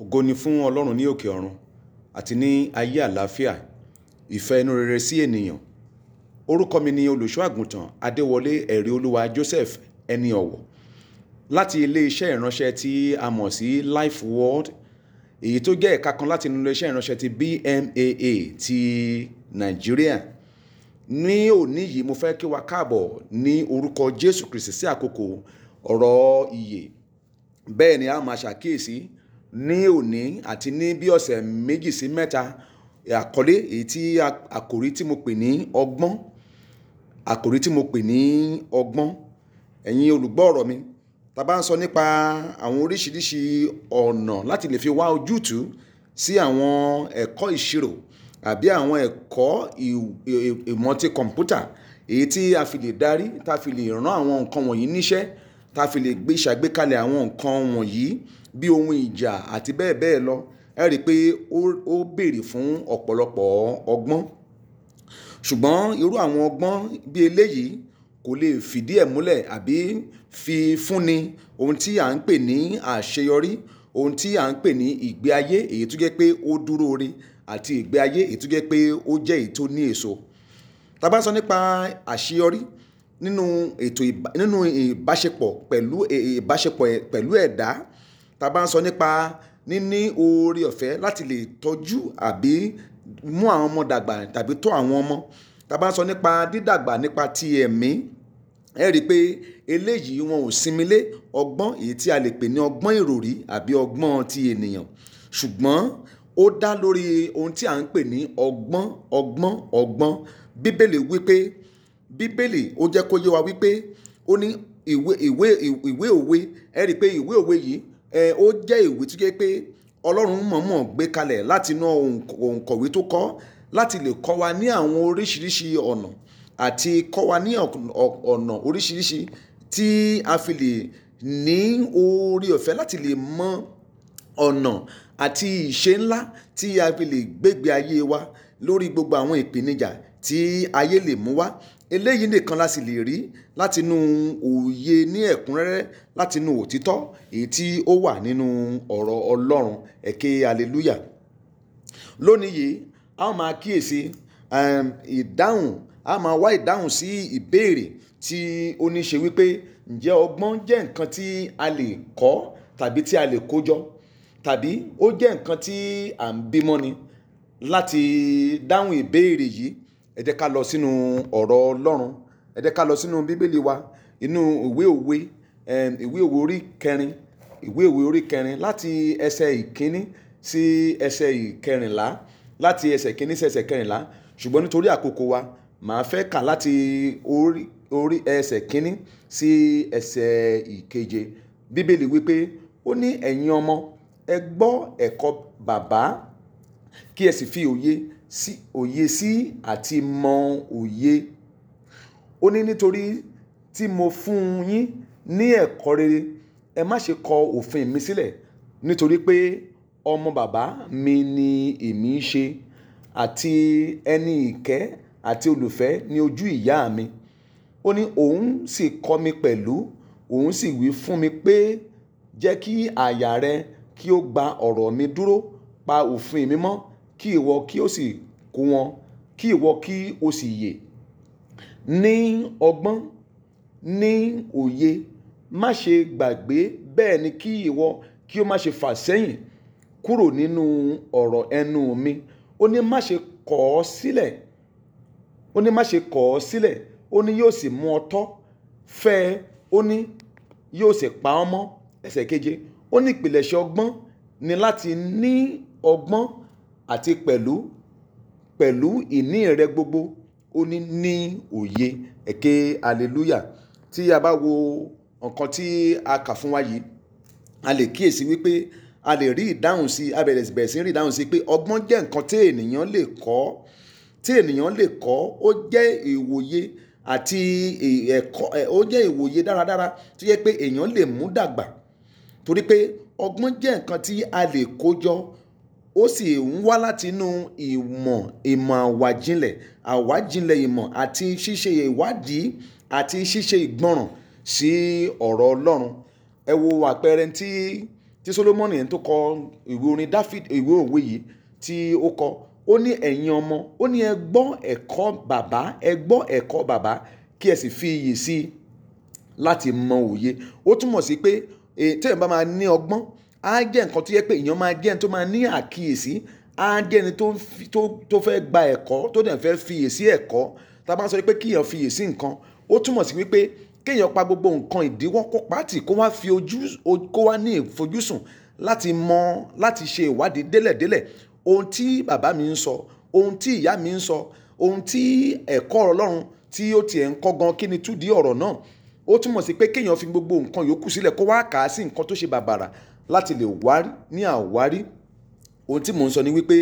ògo ni fún ọlọ́run ní òkè ọ̀run àti ní ayé àlàáfíà ìfẹ́ inú rere sí ènìyàn orúkọ mi ni olùṣọ́ adéwọlé ẹ̀rí olúwa joseph ẹni ọ̀wọ̀ láti ilé iṣẹ́ ìránṣẹ́ tí a mọ̀ sí life world èyí tó jẹ́ ẹ̀ka kan láti inú iṣẹ́ ìránṣẹ́ ti bmaa ti nàìjíríà ní òní yìí mo fẹ́ kí wa káàbọ̀ ní orúkọ jésù kristi sí àkókò ọ̀rọ̀ ìyè bẹ́ẹ̀ ni a máa ṣàkíyèsí si ní òní àti ní bí ọ̀sẹ̀ méjì sí mẹ́ta àkọlé èyí tí àkòrí tí mo pè ní ọgbọ́n àkòrí tí mo pè ní ọgbọ́n ẹ̀yin olùgbọ́ ọ̀rọ̀ mi tá bá ń sọ nípa àwọn oríṣiríṣi ọ̀nà láti lè fi wá ojútùú sí àwọn ẹ̀kọ́ ìṣirò àbí àwọn ẹ̀kọ́ ìmọ̀ ti kọ̀ǹpútà èyí tí a fi lè darí tá a fi lè rán àwọn nǹkan wọ̀nyí níṣẹ́ tá a fi lè gbé ìṣàgbékalẹ̀ àwọn nǹkan wọ̀nyí bí ohun ìjà àti bẹ́ẹ̀ bẹ́ẹ̀ lọ ẹ rí i pé ó béèrè fún ọ̀pọ̀lọpọ̀ ọgbọ́n ṣùgbọ́n irú àwọn ọgbọ́n bí eléyìí kò lè fìdí ẹ̀ múlẹ̀ àbí fi fúnni ohun tí à ń pè ní àṣeyọrí ohun tí à ń pè ní ìgbé ayé èyí tó jẹ́ pé ó dúró re àti ìgbé ayé èyí tó jẹ́ pé ó jẹ́ èyí tó ní èso tá nípa àṣeyọrí nínú ètò ìbá nínú ìbáṣepọ̀ pẹ̀lú ìbáṣepọ̀ pẹ̀lú ẹ̀dá. Tí a bá ń sọ nípa níní oore ọ̀fẹ́ láti lè tọ́jú àbí mú àwọn ọmọ dàgbà tàbí tọ́ àwọn ọmọ. Tí a bá ń sọ nípa dídàgbà nípa ti ẹ̀mí, ẹ rí pé eléyìí wọn ò sinmi lé ọgbọ́n èyí tí a lè pè ní ọgbọ́n ìròrí àbí ọgbọ́n ti ènìyàn. Ṣùgbọ́n ó dá lórí ohun tí à ń pè ní ọgbọ́n, ọgbọ́n, ọgbọ́n. Bíbélì wí bíbélì ó jẹ́ kó yé wa wípé ó ní ìwé ìwé ìwé òwe ẹ rí i pé ìwé òwe yìí ẹ ó jẹ́ ìwé tó jẹ́ pé ọlọ́run mọ̀ọ́mọ̀ gbé kalẹ̀ láti inú òǹkọ̀wé tó kọ́ láti lè kọ́ wa ní àwọn oríṣiríṣi ọ̀nà àti kọ́ wa ní ọ̀nà oríṣiríṣi tí a fi lè ní oore ọ̀fẹ́ láti lè mọ ọ̀nà àti ìṣe ńlá tí a fi lè gbégbé ayé wa lórí gbogbo àwọn ìpèníjà tí ayé lè mú wá eléyìí nìkan la sì lè rí látinú òye ní ẹ̀kúnrẹ́rẹ́ látinú òtítọ́ èyí tí ó wà nínú ọ̀rọ̀ Ọlọ́run ẹ ké hallelujah lónìí yìí a ó máa kíyèsí ehm, ìdáhùn a máa wá ìdáhùn sí ìbéèrè tí ó ní ṣe wípé ǹjẹ́ ọgbọ́n jẹ́ nǹkan tí a lè kọ́ tàbí tí a lè kó jọ tàbí ó jẹ́ nǹkan tí à ń bímọ ni láti dáhùn ìbéèrè yìí ẹ jẹ́ ká lọ sínú ọ̀rọ̀ ọlọ́run ẹ jẹ́ ká lọ sínú bíbélì wa inú ìwé òwe ìwé òwe orí kẹrin ìwé òwe orí kẹrin láti ẹsẹ̀ ìkíní sí ẹsẹ̀ ìkẹrìnlá láti ẹsẹ̀ ìkíní sí ẹsẹ̀ ìkẹrìnlá ṣùgbọ́n nítorí àkókò wa màá fẹ́ kà láti orí orí ẹsẹ̀ kínní sí ẹsẹ̀ ìkeje bíbélì wípé ó ní ẹ̀yin ọmọ ẹ gbọ́ ẹ̀kọ́ bàbá kí ẹ sì fi òye sí òye sí àti mọ òye ó ní nítorí tí mo fún yín ní ẹ̀kọ́ rere ẹ má ṣe kọ òfin mi sílẹ̀ nítorí pé ọmọ bàbá mi ni èmi ń ṣe àti ẹni ìkẹ́ àti olùfẹ́ ní ojú ìyá mi ó ní òun sì kọ́ mi pẹ̀lú òun sì wí fún mi pé jẹ́ kí àyà rẹ kí ó gba ọ̀rọ̀ mi dúró pa òfin mi mọ́ kí ìwọ kí o sì kó wọn kí ìwọ kí o sì yè ní ọgbọ́n ní òye má ṣe gbàgbé bẹ́ẹ̀ ni kí ìwọ kí o má ṣe fà sẹ́yìn kúrò nínú ọ̀rọ̀ ẹnu mi ó ní má ṣe kọ̀ ọ́ sílẹ̀ ó ní má ṣe kọ̀ ọ́ sílẹ̀ ó ní yóò sì mú ọ tọ́ fẹ́ ẹ ó ní yóò sì pa ọ́ mọ́ ẹsẹ̀ keje ó ní ìpìlẹ̀ṣẹ̀ ọgbọ́n ni láti ní ọgbọ́n àti pẹ̀lú pẹ̀lú ìní rẹ gbogbo ó ní ní òye ẹ̀kẹ́ hallelujah tí a bá wo nǹkan tí a kà fún wa yìí a lè kíyèsí wípé a lè rí ìdáhùn sí a bẹ̀rẹ̀ bẹ̀rẹ̀ sí rí ìdáhùn sí pé ọgbọ́n jẹ́ nǹkan tí ènìyàn lè kọ́ tí ènìyàn lè kọ́ ó jẹ́ ìwòye àti ẹ̀kọ́ ó jẹ́ ìwòye dáradára tó yẹ pé èèyàn lè mú dàgbà torí pé ọgbọ́n jẹ́ nǹkan tí a lè kó jọ ó sì ń wá láti inú ìmọ̀ ìmọ̀ àwàjinlẹ̀ àwàjinlẹ̀ ìmọ̀ àti ṣíṣe ìwádìí àti ṣíṣe ìgbọràn sí ọ̀rọ̀ Ọlọ́run ẹ wo àpẹẹrẹ tí tí Solomoni ẹni tó kọ ìwé orin David ìwé òwe yìí tí ó kọ ó ní ẹ̀yin ọmọ ó ní ẹ gbọ́ ẹ̀kọ́ bàbá ẹ gbọ́ ẹ̀kọ́ bàbá kí ẹ sì fi iyì sí i láti mọ òye ó túmọ̀ sí pé téèyàn bá máa ní ọgbọ́n á jẹ́ nǹkan tó yẹ pé èèyàn máa jẹ́ ẹni tó máa ní àkíyèsí á jẹ́ ẹni tó fẹ́ gba ẹ̀kọ́ tó dẹ̀ fẹ́ fiyèsí ẹ̀kọ́ tá a bá sọ pé kéèyàn fiyèsí nǹkan ó túmọ̀ sí wípé kéèyàn pa gbogbo nǹkan ìdíwọ́ kó pàtì kó wá fi ojú kó wá ní ìfojúsùn láti mọ láti ṣe ìwádìí délẹ̀délẹ̀ ohun tí bàbá mi ń sọ ohun tí ìyá mi ń sọ ohun tí ẹ̀kọ́ ọlọ́run tí ó tiẹ̀ ń kọ́ gan kí ni túdí ọ̀rọ̀ náà ó túmọ̀ sí pé kéèyàn fi gbogbo nǹkan yòókù sílẹ̀ kó wá kà á sí nǹkan tó ṣe bàbàrà láti lè wárí ní àwárí ohun tí mò ń sọ ni wípé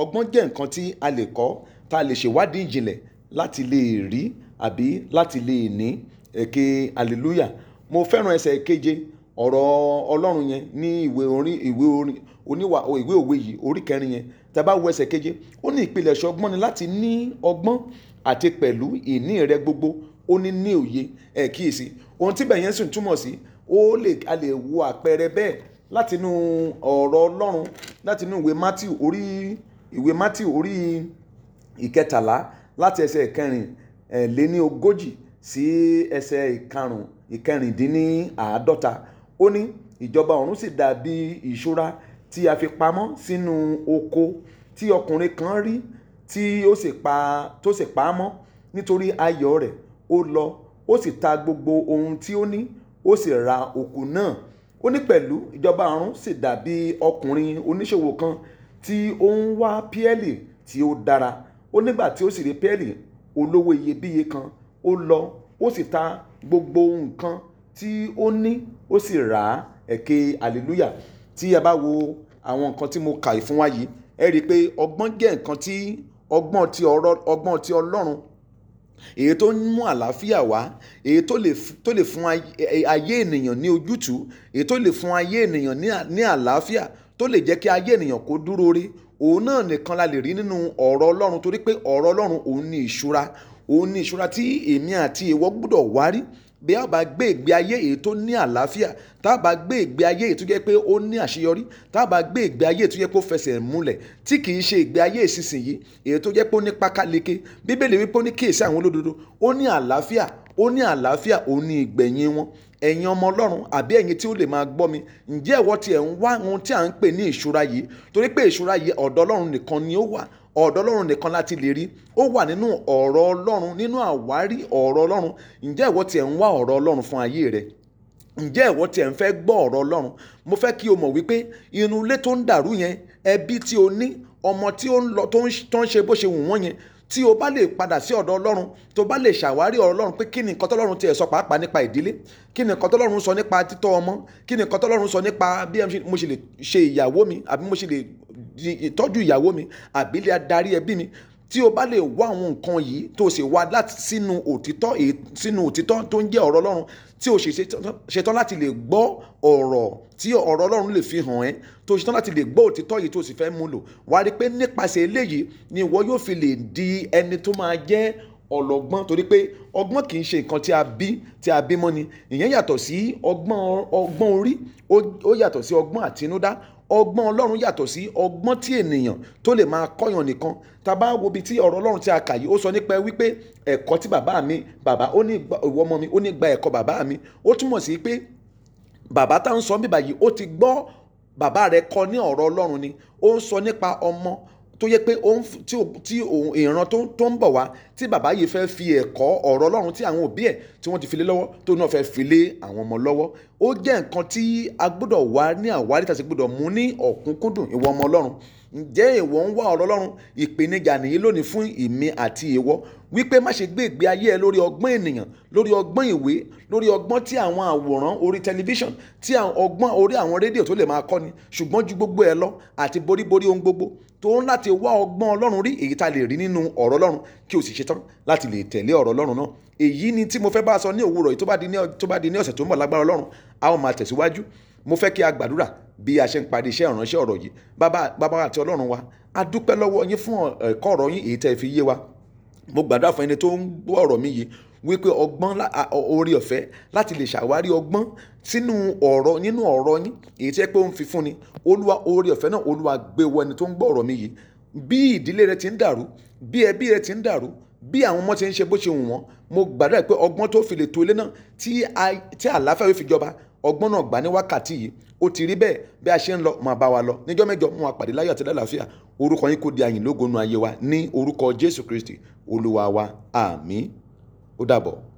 ọgbọ́n jẹ́ nǹkan tí a lè kọ́ tá a lè ṣèwádìí ìjìnlẹ̀ láti lè rí àbí láti lè ní èké hallelujah mo fẹ́ràn ẹsẹ̀ keje ọ̀rọ̀ ọlọ́run yẹn ní ìwé orin ìwé orin oníwà ìwé òwe yìí orí kẹrin yẹn tá a bá wo ẹsẹ̀ keje ó ní ìpìlẹ̀ ṣọgbọ́n ni láti ní ọgbọ́n àti pẹ̀lú ìní rẹ gbogbo ó ní ní òye ẹ̀ kíyèsí ohun tí bẹ̀yẹn sì túmọ̀ sí ó lè a lè wo àpẹẹrẹ bẹ́ẹ̀ látinú ọ̀rọ̀ ọlọ́run látinú ìwé matthew orí ìwé matthew orí ìkẹtàlá láti ẹsẹ̀ ìkẹrin lé ní ogójì sí ẹsẹ̀ ìkarùn ìkẹrìndínláàádọ́ta ó ní ìjọba ọ̀run sì dàbí ìṣúra tí a fi pamọ́ sínú oko tí ọkùnrin kan rí tí ó pa tó sì pa á mọ́ nítorí ayọ̀ rẹ̀ ó lọ ó sì ta gbogbo ohun tí ó ní ó sì ra oko náà ó ní pẹ̀lú ìjọba ọ̀run sì dàbí ọkùnrin oníṣòwò kan tí ó ń wá píẹ́lì tí ó dára ó nígbà tí ó sì rí píẹ́lì olówó iyebíye kan ó lọ ó sì ta gbogbo nǹkan tí ó ní ó sì rà á ẹ̀kẹ́ hallelujah tí a bá wo àwọn nǹkan tí mo kà fún wa yìí ẹ rí i pé ọgbọ́n jẹ́ nǹkan tí ti ọ̀rọ̀ ọgbọ́n ti ọlọ́run èyí tó ń mú àlàáfíà wá èyí tó lè fún ayé ènìyàn ní ojútùú èyí tó lè fún ayé ènìyàn ní àlàáfíà tó lè jẹ́ kí ayé ènìyàn kó dúró rí òun náà nìkan la lè rí nínú ọ̀rọ̀ Ọlọ́run torí pé ọ̀rọ̀ Ọlọ́run òun ni ìṣúra òun ni ìṣúra tí èmi àti ìwọ gbọ́dọ̀ wárí bí a bá gbé ìgbé ayé èyí tó ní àlàáfíà tá a bá gbé ìgbé ayé èyí tó jẹ́ pé ó ní àṣeyọrí tá a bá gbé ìgbé ayé èyí tó jẹ́ pé ó fẹsẹ̀ múlẹ̀ tí kì í ṣe ìgbé ayé ìsinsìnyí èyí tó jẹ́ pé ó ní pákáleke bíbélì wípé ó ní kíyèsí àwọn olódodo ó ní àlàáfíà ó ní àlàáfíà ó ní ìgbẹ̀yìn wọn ẹ̀yin ọmọ ọlọ́run àbí ẹ̀yin tí ó lè máa gbọ́ mi ǹjẹ́ ẹ̀wọ́ tiẹ̀ ń wá ohun tí à ń pè ní ìṣúra yìí torí pé ìṣúra yìí ọ̀dọ̀ ọlọ́run nìkan ni ó wà ọ̀dọ̀ ọlọ́run nìkan láti lè rí ó wà nínú ọ̀rọ̀ ọlọ́run nínú àwárí ọ̀rọ̀ ọlọ́run ǹjẹ́ ẹ̀wọ́ tiẹ̀ ń wá ọ̀rọ̀ ọlọ́run fún ayé rẹ̀ ǹjẹ́ ẹ̀wọ́ tiẹ̀ ń fẹ́ gbọ́ ọ̀rọ̀ ọlọ́run mo fẹ́ kí o mọ̀ wípé inú ilé tó ń dàrú yẹn ẹbí tí o ní ọmọ tí ó ń lọ tó ń ṣe bó ṣe wù wọ́n yẹn tí o bá lè padà sí ọ̀dọ̀ ọlọ́run tó bá lè ṣàwárí ọ̀rọ̀ ọlọ́run pé kí ni nǹkan tọ́lọ́run tiẹ̀ sọ pàápàá nípa ìdílé kí ni nǹkan tọ́lọ́run sọ nípa títọ́ ọmọ kí ni nǹkan tọ́lọ́run sọ nípa bí mo ṣe lè ṣe ìyàwó mi àbí mo ṣe lè tọ́jú ìyàwó mi àbí lè darí ẹbí mi tí o bá lè wá àwọn nǹkan yìí tó o wá láti sínú òtítọ́ sínú òtítọ́ tó ń jẹ́ ọ̀rọ̀ ọlọ́run tí o sì ṣetán láti lè gbọ́ ọ̀rọ̀ tí ọ̀rọ̀ ọlọ́run lè fi hàn ẹ́ tó o ṣetán láti lè gbọ́ òtítọ́ yìí tó sì fẹ́ mú lò wá rí pé nípasẹ̀ eléyìí ni ìwọ yóò fi lè di ẹni tó máa jẹ́ ọlọ́gbọ́n torí pé ọgbọ́n kì í ṣe nǹkan tí a bí tí a bí mọ́ ni ìyẹn yàtọ̀ sí ọgbọ́n orí ó yàtọ̀ sí ọgbọ́n àtinúdá ọgbọ́n ọlọ́run yàtọ̀ sí ọgbọ́n tí ènìyàn tó lè máa kọ́yàn nìkan tá a bá wo ibi tí ọ̀rọ̀ ọlọ́run tí a kà yìí ó sọ nípa wípé ẹ̀kọ́ tí bàbá mi bàbá ó ní ìwọ ọmọ mi ó ní gba ẹ̀kọ́ bàbá mi ó túmọ̀ sí pé bàbá tá ń sọ bíbà yìí ó ti gbọ́ bàbá rẹ̀ kọ́ ní ọ̀rọ̀ ọlọ́run ni ó ń sọ nípa ọmọ tó yẹ pé tí ìran tó ń bọ̀ wá tí bàbá yìí fẹ́ fi ẹ̀kọ́ ọ̀rọ̀ Ọlọ́run tí àwọn òbí ẹ̀ tí wọ́n ti fi lé lọ́wọ́ tó náà fẹ́ fi lé àwọn ọmọ lọ́wọ́ ó jẹ́ nǹkan tí a gbọ́dọ̀ wá ní àwárí tàbí gbọ́dọ̀ mú ní ọ̀kúnkúndùn ìwọ ọmọ Ọlọ́run ǹjẹ́ ìwọ ń wá ọ̀rọ̀ ọlọ́run ìpèníjà nìyí lónìí fún ìmí àti ìwọ wípé má ṣe gbé ìgbé ayé ẹ lórí ọgbọ́n ènìyàn lórí ọgbọ́n ìwé lórí ọgbọ́n tí àwọn àwòrán orí tẹlifíṣàn tí ọgbọ́n orí àwọn rédíò tó lè máa kọ́ni ṣùgbọ́n ju gbogbo ẹ lọ àti boríborí ohun gbogbo tó ń láti wá ọgbọ́n ọlọ́run rí èyí tá a lè rí nínú ọ̀rọ̀ ọlọ́run kí o sì ṣetán láti lè tẹ̀lé ọ̀rọ̀ ọlọ́run náà èyí ni tí mo fẹ́ bá a sọ ní òwúrọ̀ yìí tó bá di ní ọ̀sẹ̀ tó ń bọ̀ lágbára ọlọ́run a ó máa tẹ̀síwájú mo fẹ́ kí a gbàdúrà bí a ṣe ń parí iṣẹ́ ìránṣẹ́ ọ̀rọ̀ yìí bàbá àti ọlọ́run wa a dúpẹ́ lọ́wọ́ yín fún ẹ̀kọ́ ọ̀rọ̀ yín èyí tẹ́ fi yé wa mo gbàdúrà fún ẹni tó ń gbọ́ ọ̀rọ̀ mi yìí wípé ọgbọ́n orí ọ̀fẹ́ láti lè ṣàwárí ọgbọ́n sínú ọ̀rọ̀ nínú ọ̀rọ̀ yín èyí tẹ́ pé ó ń fi fúnni olúwa orí ọ̀fẹ́ náà olúwa gbé wọ ẹni tó ń gbọ́ ọ̀rọ̀ mi yìí bí ìdílé rẹ ti ń dàrú bí ẹbí rẹ ti ń dàrú bí àwọn ọmọ ti ń ṣe bó ṣe wù wọ́n mo gbàdúrà pé ọgbọ́n tó fi lè tó ilé náà tí àlàáfíà yóò fi jọba ọgbọ́n náà gbà ní wákàtí yìí ó ti rí bẹ́ẹ̀ bí a ṣe ń lọ máa bá wa lọ níjọ́ mẹ́jọ mú wa pàdé láyọ̀ àti lálàáfíà orúkọ yín kò di àyìn lógo nu ayé wa ní orúkọ Jésù Kristi olúwa wa àmín ó dàbọ̀.